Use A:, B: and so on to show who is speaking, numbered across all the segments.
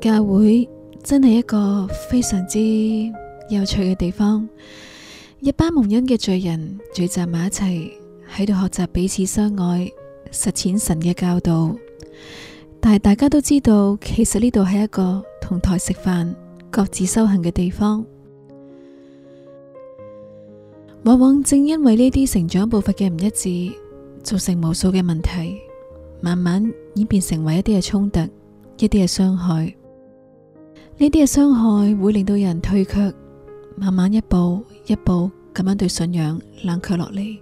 A: 教會真係一個非常之有趣嘅地方，一班蒙恩嘅罪人聚集埋一齊喺度學習彼此相愛，實踐神嘅教導。但係大家都知道，其實呢度係一個同台食飯、各自修行嘅地方。往往正因為呢啲成長步伐嘅唔一致，造成無數嘅問題，慢慢演變成為一啲嘅衝突，一啲嘅傷害。呢啲嘅傷害會令到人退卻，慢慢一步一步咁樣對信仰冷卻落嚟。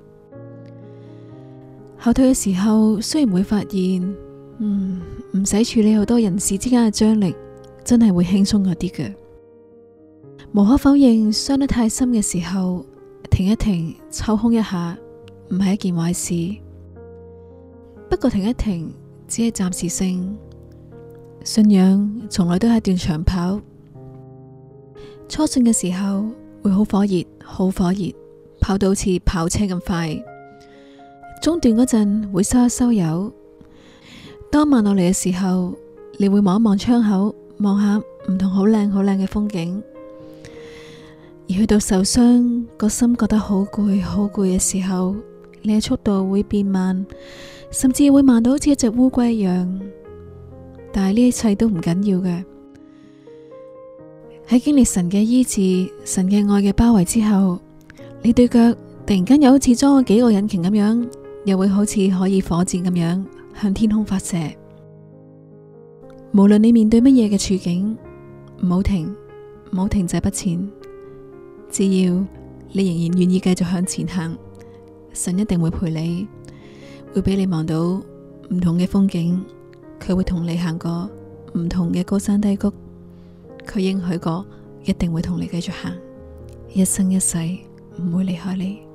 A: 後退嘅時候，雖然會發現，嗯唔使處理好多人事之間嘅張力，真係會輕鬆咗啲嘅。無可否認，傷得太深嘅時候，停一停，抽空一下，唔係一件壞事。不過停一停，只係暫時性。信仰從來都係一段長跑，初信嘅時候會好火熱，好火熱，跑到好似跑車咁快。中段嗰陣會收一收油，當慢落嚟嘅時候，你會望一望窗口，望下唔同好靚、好靚嘅風景。而去到受傷，個心覺得好攰、好攰嘅時候，你嘅速度會變慢，甚至會慢到好似一隻烏龜一樣。但係呢一切都唔緊要嘅，喺經歷神嘅醫治、神嘅愛嘅包圍之後，你對腳突然間又好似裝咗幾個引擎咁樣，又會好似可以火箭咁樣向天空發射。無論你面對乜嘢嘅處境，唔好停，唔好停滯不前，只要你仍然願意繼續向前行，神一定會陪你，會俾你望到唔同嘅風景。佢會同你行過唔同嘅高山低谷，佢應許過一定會同你繼續行，一生一世唔會離開你。